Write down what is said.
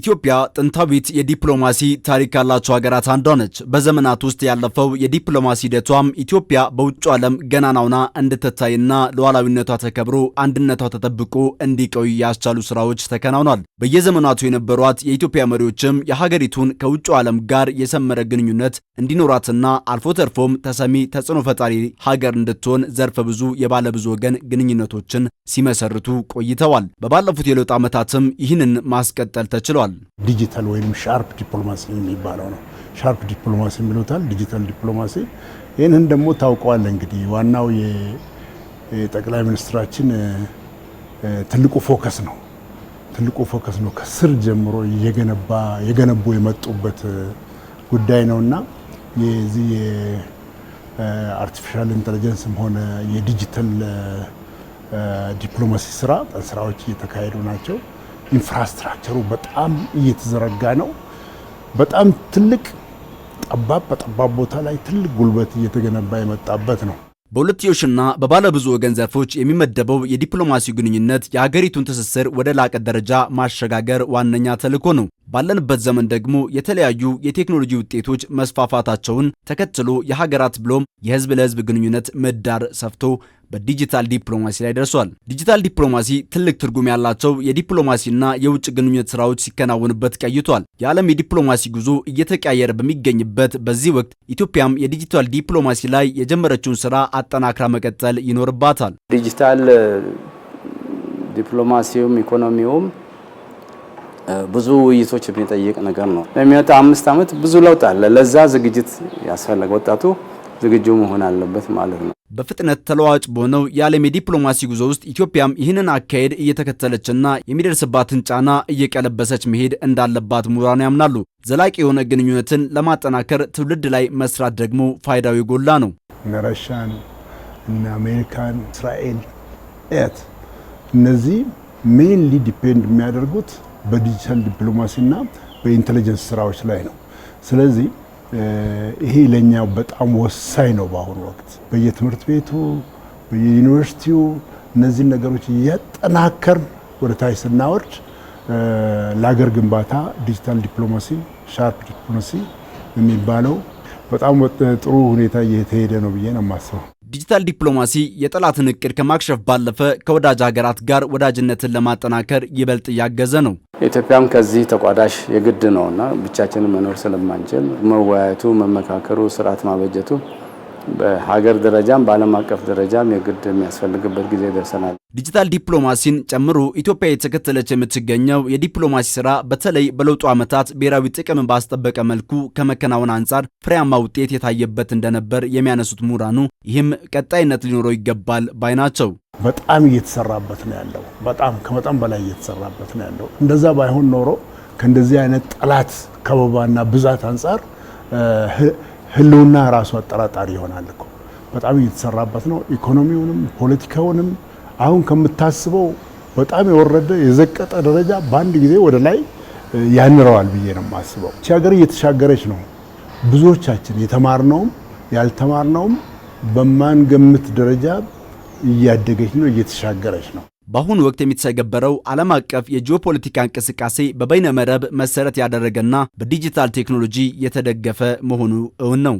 ኢትዮጵያ ጥንታዊት የዲፕሎማሲ ታሪክ ካላቸው ሀገራት አንዷ ነች። በዘመናት ውስጥ ያለፈው የዲፕሎማሲ ሂደቷም ኢትዮጵያ በውጭ ዓለም ገናናውና እንድትታይና ሉዓላዊነቷ ተከብሮ አንድነቷ ተጠብቆ እንዲቆይ ያስቻሉ ስራዎች ተከናውኗል። በየዘመናቱ የነበሯት የኢትዮጵያ መሪዎችም የሀገሪቱን ከውጭ ዓለም ጋር የሰመረ ግንኙነት እንዲኖራትና አልፎ ተርፎም ተሰሚ ተጽዕኖ ፈጣሪ ሀገር እንድትሆን ዘርፈ ብዙ የባለብዙ ወገን ግንኙነቶችን ሲመሰርቱ ቆይተዋል። በባለፉት የለውጥ ዓመታትም ይህንን ማስቀጠል ተችሏል። ተናግረዋል። ዲጂታል ወይም ሻርፕ ዲፕሎማሲ የሚባለው ነው። ሻርፕ ዲፕሎማሲ የሚሉታል፣ ዲጂታል ዲፕሎማሲ። ይህንን ደግሞ ታውቀዋል። እንግዲህ ዋናው የጠቅላይ ሚኒስትራችን ትልቁ ፎከስ ነው። ትልቁ ፎከስ ነው። ከስር ጀምሮ እየገነባ የገነቡ የመጡበት ጉዳይ ነውና የዚህ የአርቲፊሻል ኢንተለጀንስም ሆነ የዲጂታል ዲፕሎማሲ ስራ ስራዎች እየተካሄዱ ናቸው። ኢንፍራስትራክቸሩ በጣም እየተዘረጋ ነው። በጣም ትልቅ ጠባብ በጠባብ ቦታ ላይ ትልቅ ጉልበት እየተገነባ የመጣበት ነው። በሁለትዮሽና በባለብዙ ብዙ ወገን ዘርፎች የሚመደበው የዲፕሎማሲ ግንኙነት የሀገሪቱን ትስስር ወደ ላቀ ደረጃ ማሸጋገር ዋነኛ ተልዕኮ ነው። ባለንበት ዘመን ደግሞ የተለያዩ የቴክኖሎጂ ውጤቶች መስፋፋታቸውን ተከትሎ የሀገራት ብሎም የህዝብ ለህዝብ ግንኙነት ምህዳር ሰፍቶ በዲጂታል ዲፕሎማሲ ላይ ደርሷል። ዲጂታል ዲፕሎማሲ ትልቅ ትርጉም ያላቸው የዲፕሎማሲና የውጭ ግንኙነት ስራዎች ሲከናወንበት ቀይቷል። የዓለም የዲፕሎማሲ ጉዞ እየተቀያየረ በሚገኝበት በዚህ ወቅት ኢትዮጵያም የዲጂታል ዲፕሎማሲ ላይ የጀመረችውን ስራ አጠናክራ መቀጠል ይኖርባታል። ዲጂታል ዲፕሎማሲውም ኢኮኖሚውም ብዙ ውይይቶች የሚጠይቅ ነገር ነው። ለሚመጣው አምስት ዓመት ብዙ ለውጥ አለ። ለዛ ዝግጅት ያስፈለገ ወጣቱ ዝግጁ መሆን አለበት ማለት ነው። በፍጥነት ተለዋጭ በሆነው የዓለም የዲፕሎማሲ ጉዞ ውስጥ ኢትዮጵያም ይህንን አካሄድ እየተከተለችና የሚደርስባትን ጫና እየቀለበሰች መሄድ እንዳለባት ምሁራን ያምናሉ። ዘላቂ የሆነ ግንኙነትን ለማጠናከር ትውልድ ላይ መስራት ደግሞ ፋይዳዊ ጎላ ነው። እነ ረሻን እነ አሜሪካን፣ እስራኤል፣ እነዚህ ሜንሊ ዲፔንድ የሚያደርጉት በዲጂታል ዲፕሎማሲና በኢንቴሊጀንስ ስራዎች ላይ ነው። ስለዚህ ይሄ ለእኛ በጣም ወሳኝ ነው። በአሁኑ ወቅት በየትምህርት ቤቱ በየዩኒቨርሲቲው እነዚህን ነገሮች እያጠናከር ወደ ታች ስናወርድ ለሀገር ግንባታ ዲጂታል ዲፕሎማሲ ሻርፕ ዲፕሎማሲ የሚባለው በጣም ጥሩ ሁኔታ እየተሄደ ነው ብዬ ነው የማስበው። ዲጂታል ዲፕሎማሲ የጠላትን እቅድ ከማክሸፍ ባለፈ ከወዳጅ ሀገራት ጋር ወዳጅነትን ለማጠናከር ይበልጥ እያገዘ ነው። ኢትዮጵያም ከዚህ ተቋዳሽ የግድ ነውና ብቻችንን መኖር ስለማንችል መወያየቱ፣ መመካከሩ፣ ስርዓት ማበጀቱ በሀገር ደረጃም በዓለም አቀፍ ደረጃም የግድ የሚያስፈልግበት ጊዜ ደርሰናል። ዲጂታል ዲፕሎማሲን ጨምሮ ኢትዮጵያ የተከተለች የምትገኘው የዲፕሎማሲ ስራ በተለይ በለውጡ ዓመታት ብሔራዊ ጥቅም ባስጠበቀ መልኩ ከመከናወን አንጻር ፍሬያማ ውጤት የታየበት እንደነበር የሚያነሱት ምሁራኑ ይህም ቀጣይነት ሊኖረው ይገባል ባይ ናቸው። በጣም እየተሰራበት ነው ያለው። በጣም ከመጠን በላይ እየተሰራበት ነው ያለው። እንደዛ ባይሆን ኖሮ ከእንደዚህ አይነት ጠላት ከበባና ብዛት አንጻር ህልውና ራሱ አጠራጣሪ ይሆናል እኮ በጣም እየተሰራበት ነው። ኢኮኖሚውንም ፖለቲካውንም አሁን ከምታስበው በጣም የወረደ የዘቀጠ ደረጃ በአንድ ጊዜ ወደ ላይ ያንረዋል ብዬ ነው የማስበው። ሀገር እየተሻገረች ነው። ብዙዎቻችን የተማርነውም ያልተማርነውም በማንገምት ደረጃ እያደገች ነው፣ እየተሻገረች ነው። በአሁኑ ወቅት የሚተገበረው ዓለም አቀፍ የጂኦፖለቲካ እንቅስቃሴ በበይነመረብ መሰረት ያደረገና በዲጂታል ቴክኖሎጂ የተደገፈ መሆኑ እውን ነው።